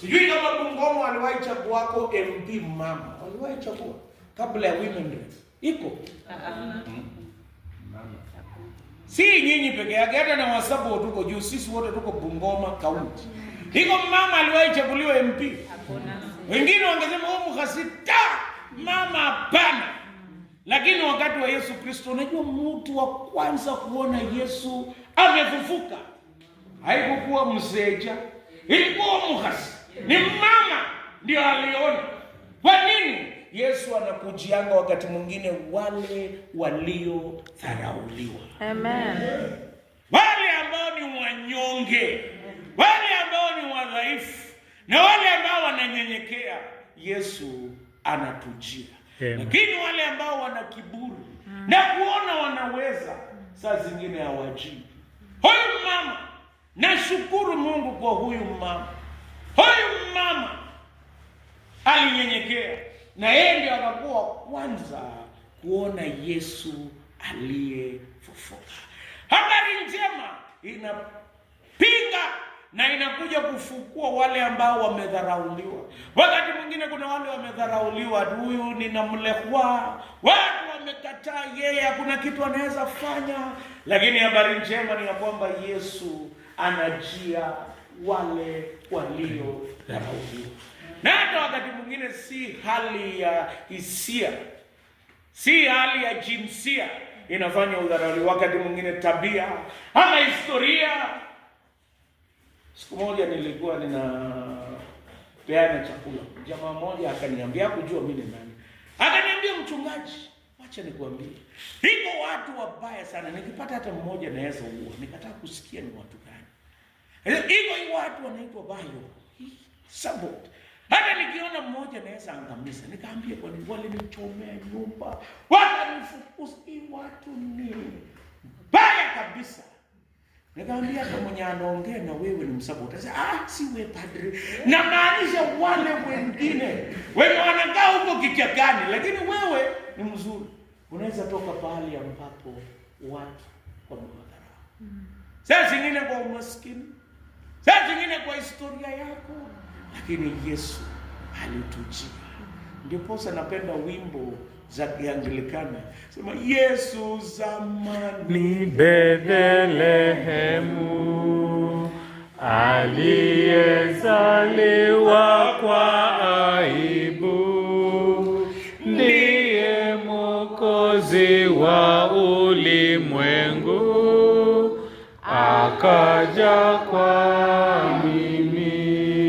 Sijui kama Bungoma aliwahi chagua wako MP mama, Aliwahi chagua kabla ya women rights. iko Mama. si nyinyi peke yake, hata na wasabu tuko juu, sisi wote tuko Bungoma kaunti. Iko mama aliwahi chaguliwa MP, Hakuna. wengine wangesema huyu oh, mhasita mama, hapana. Lakini wakati wa Yesu Kristo, unajua mtu wa kwanza kuona Yesu amefufuka Haikuwa mseja, ilikuwa mhasi ni mama ndio aliona. Kwa nini Yesu anakujianga wakati mwingine wale waliodharauliwa? Amen. Wale ambao ni wanyonge, wale ambao ni wadhaifu na wale ambao wananyenyekea, Yesu anatujia. Lakini wale ambao wana kiburi mm, na kuona wanaweza, saa zingine hawajii Huyu mama, nashukuru Mungu kwa huyu mama Huyu mama alinyenyekea na yeye ndio akakuwa kwanza kuona Yesu aliyefufuka. Habari njema inapinga na inakuja kufukua wale ambao wamedharauliwa. Wakati mwingine kuna wale wamedharauliwa, huyu namlehwa, watu wamekataa yeye, hakuna kitu anaweza fanya. Lakini habari njema ni ya kwamba Yesu anajia wale walio Na hata wakati mwingine si hali ya hisia, si hali ya jinsia inafanya udharauliwa, wakati mwingine tabia ama historia. Siku moja nilikuwa peana chakula, jamaa mmoja akaniambia, hakujua mimi ni nani, akaniambia mchungaji, wacha nikuambie, niko watu wabaya sana, nikipata hata mmoja naweza uua. Nikataa kusikia ni watu gani Hivyo hii watu wanaitwa bayo sabot. Hata nikiona mmoja naweza angamiza, nikaambia kwa nini walinichomea nyumba, wakanifukuza. Hii watu ni baya kabisa. Nikaambia kwa mwenye anaongea na wewe ni msabota. Sasa ah, si wewe padre. Na maanisha wale wengine. Wewe wanakaa huko gani? lakini wewe ni mzuri. Unaweza toka pahali ambapo watu kwa mwadharau. Sasa zingine kwa umaskini saa zingine kwa historia yako, lakini Yesu alitujia. Ndiposa napenda wimbo za Kianglikana sema, Yesu zamani Bethlehemu aliyezaliwa kwa aibu, ndiye mwokozi wa ulimwengu. akaja kwa mimi